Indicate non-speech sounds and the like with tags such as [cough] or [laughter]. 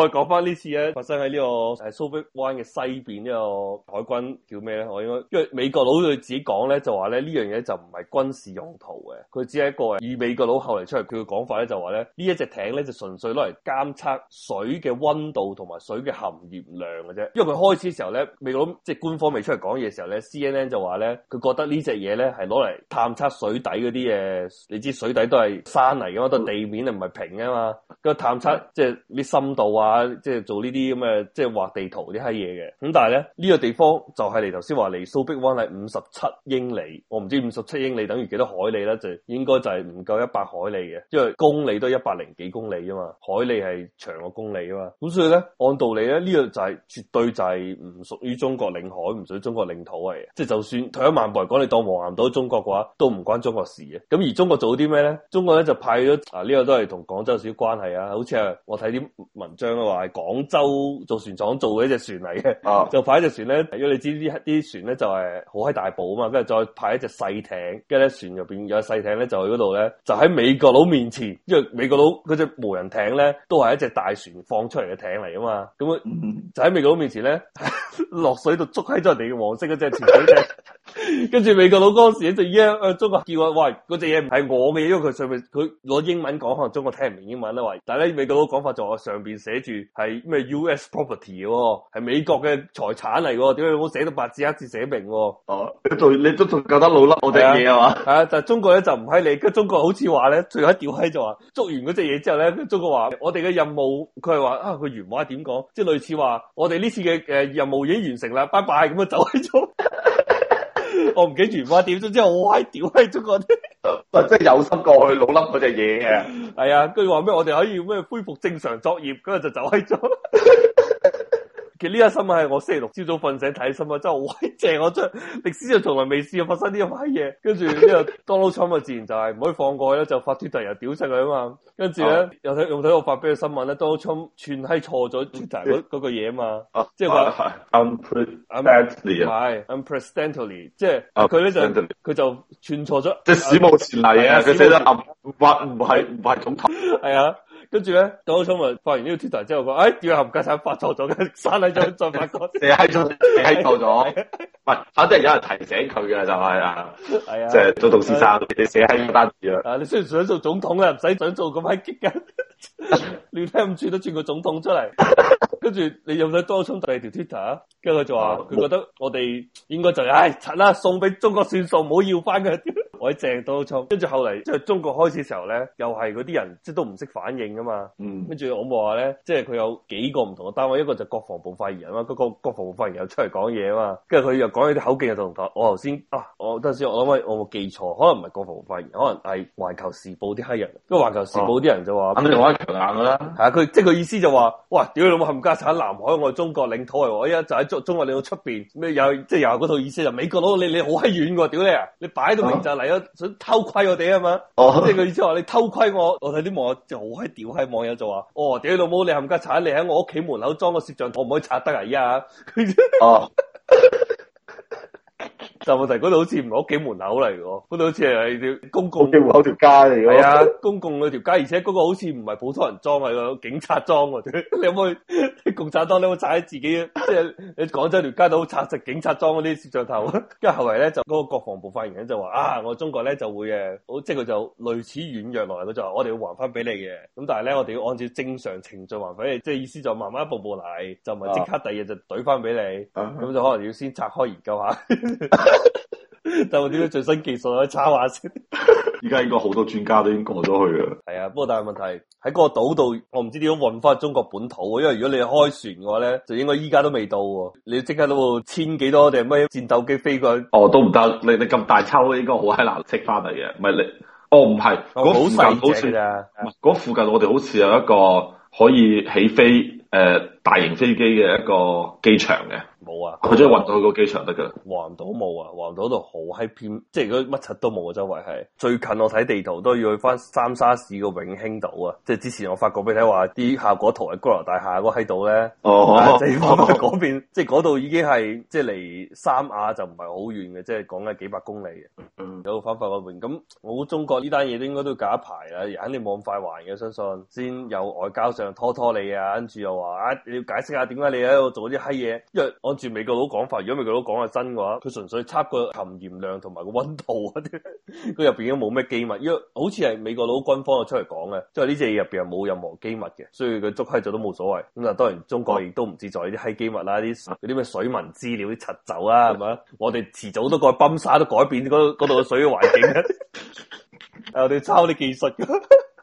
再講翻呢次咧，發生喺呢個誒蘇弗灣嘅西邊呢個海軍叫咩咧？我應該因為美國佬佢自己講咧，就話咧呢樣嘢、這個、就唔係軍事用途嘅，佢只係一個以美國佬後嚟出嚟佢嘅講法咧，就話咧呢一隻、這個、艇咧就純粹攞嚟監測水嘅溫度同埋水嘅含鹽量嘅啫。因為佢開始時候咧，美國佬即係官方未出嚟講嘢嘅時候咧，C N N 就話咧佢覺得呢隻嘢咧係攞嚟探測水底嗰啲嘢。你知水底都係山嚟嘅嘛，個地面唔係平嘅嘛，個探測即係啲深度啊。即係做呢啲咁嘅，即係畫地圖啲閪嘢嘅。咁但係咧，呢個地方就係嚟頭先話離蘇碧灣係五十七英里，我唔知五十七英里等於幾多海里咧，就應該就係唔夠一百海里嘅，因為公里都一百零幾公里啊嘛，海里係長過公里啊嘛。咁所以咧，按道理咧，呢個就係絕對就係唔屬於中國領海，唔屬於中國領土嚟嘅。即係就算退一萬步嚟講，你當黃岩島中國嘅話，都唔關中國事嘅。咁而中國做啲咩咧？中國咧就派咗啊，呢個都係同廣州有少啲關係啊，好似係我睇啲文章。話係廣州造船廠做嘅一隻船嚟嘅，就派一隻船咧。如果你知啲啲船咧就係好閪大㗎嘛，跟住再派一隻細艇，跟住咧船入邊有細艇咧就去嗰度，咧就喺美國佬面前，因為美國佬嗰隻無人艇咧都係一隻大船放出嚟嘅艇嚟啊嘛，咁啊就喺美國佬面前咧落水度捉喺咗人哋嘅黃色嗰隻潛水艇。 [laughs] 跟 [laughs] 住美國佬嗰時一直央誒中國叫我喂嗰隻嘢唔係我嘅，因為佢上面，佢攞英文講，可能中國聽唔明英文啦。喂，但係咧美國佬講法就話上邊寫住係咩 U.S. property，係、哦、美國嘅財產嚟，點解冇寫到八字、一字寫明哦？哦、啊，你都仲夠得老笠我哋嘢係嘛？係啊，啊，但係中國咧就唔犀利，跟中國好似話咧，最後一屌喺就話捉完嗰隻嘢之後咧，中國話我哋嘅任務，佢係話啊，佢原話點講，即係類似話我哋呢次嘅誒任務已經完成啦，拜拜咁啊走咗。我唔記得原話點咗，之後我喺屌閪咗嗰啲，真 [laughs] 係有心過去老粒嗰隻嘢嘅。係 [laughs] 啊，跟住話咩？我哋可以咩恢復正常作業，跟住就走喺咗。 [laughs] 其實呢個新聞係我星期六朝早瞓醒睇新聞，真係好鬼正，我真歷史就從來未試過發生呢一排嘢。跟住呢，Donald Trump 嘅自然就係唔可以放過佢就發 twitter 又屌晒佢啊嘛。跟住咧，又睇有冇睇我發俾嘅新聞咧？Donald Trump 串係錯咗 twitter 嗰個嘢啊嘛，mm. 即係話 unprecedented，、uh, 係 unprecedented，、um, 即係佢咧就佢就串錯咗，即係史無前例啊！佢寫咗 un，唔係唔係統係啊。時跟住咧，多聰文發完呢個 Twitter 之後說，佢誒屌，冚家鏟發錯咗嘅？刪低咗再發過，寫低咗寫低錯咗，唔係，反正 [laughs] 有人提醒佢嘅就係、是、啊，係 [laughs] 啊、就是，即係做董事先生，你寫低咁多字啦。啊，你雖然想做總統嘅，唔使想做咁閪激嘅，你睇唔住都轉個總統出嚟。跟 [laughs] 住你有冇多聰對第二條 Twitter？跟住佢就話，佢覺得我哋應該就係，唉，拆啦，送俾中國算數，唔好要翻佢。」我喺正都操，跟住後嚟即係中國開始嘅時候咧，又係嗰啲人即係都唔識反應噶嘛。跟、嗯、住我冇話咧，即係佢有幾個唔同嘅單位，一個就是國防部發言人啦，嗰個國防部發言又出嚟講嘢啊嘛。跟住佢又講起啲口徑又同我頭先啊，我等陣先，我諗下我冇記錯，可能唔係國防部發言，可能係環球時報啲黑人。因為環球時報啲人就話，咁你玩強硬噶啦。係啊，佢、啊啊、即係佢意思就話，哇！屌你老母冚家產，南海我哋中國領土嚟喎，依家就喺中中國領土出邊咩？又即係又嗰套意思就是，美國攞你你好閪遠喎，屌你啊！你擺到明就嚟。啊想偷窺我哋啊嘛？即係佢意思話你偷窺我，我睇啲網友，就好閪屌，喺網友就話：哦，屌老母，你冚家鏟，你喺我屋企門口裝個攝像頭，可唔可以拆得啊？依家哦。就問題，嗰度好似唔係屋企門口嚟嘅，嗰度好似係條公共屋企門口條街嚟嘅。係啊，公共嗰條街，而且嗰個好似唔係普通人裝嘅，警察裝嘅。 [laughs] 你有冇去？啲共產黨，你有冇踩自己？即 [laughs] 係、就是、你廣州條街都好拆實警察裝嗰啲攝像頭。跟 [laughs] 住後嚟咧，就嗰、那個國防部發言人就話：啊，我中國咧就會嘅，即係佢就是、類似軟弱落嚟。佢就話：我哋要還翻俾你嘅。咁但係咧，我哋要按照正常程序還翻俾你，即、就、係、是、意思就慢慢一步步嚟，就唔係即刻第二日就懟翻俾你。咁、啊、就可能要先拆開研究下。 [laughs] [laughs] 但我點樣最新技術可以插話先？依家應該好多專家都已經過咗去啦。係啊，不過但係問題喺個島度，我唔知點樣運翻中國本土。因為如果你開船嘅話咧，就應該依家都未到。你要即刻都千幾多定咩戰鬥機飛過去？哦，都唔得。你你咁大抽，應該好喺難識翻嚟嘅。唔係你，哦唔係，嗰、哦那個、附近好似啊，嗰附近我哋好似有一個可以起飛誒、呃、大型飛機嘅一個機場嘅。冇啊！佢、啊啊、即係運到去個機場得噶，暈到冇啊！暈到度好閪偏，即係如果乜柒都冇啊，周圍係最近，我睇地圖都要去翻三沙市個永興島啊！即係之前我發過俾你睇話啲效果圖喺高樓大廈，我喺度咧哦，即方喺嗰邊，即係嗰度已經係即係離三亞就唔係好遠嘅，即係講緊幾百公里嘅，有翻翻嗰邊。咁我估中國呢單嘢都應該都要搞一排啦，而肯定冇咁快還嘅，相信先有外交上拖拖你啊，跟住又話啊你要解釋下點解你喺度做啲閪嘢？因為按住美國佬講法，如果美國佬講係真嘅話，佢純粹測個含鹽量同埋個溫度嗰啲，佢入邊都冇咩機密，因為好似係美國佬軍方就出嚟講嘅，即係呢隻嘢入邊又冇任何機密嘅，所以佢捉起咗都冇所謂。咁啊，當然中國亦都唔知在啲咩機密啦，啲啲咩水文資料啲執走啊，係咪啊？ [laughs] 我哋遲早都過去泵沙都改變嗰度嘅水嘅環境嘅， [laughs] [laughs] [laughs] 我哋抄啲技術。 [laughs]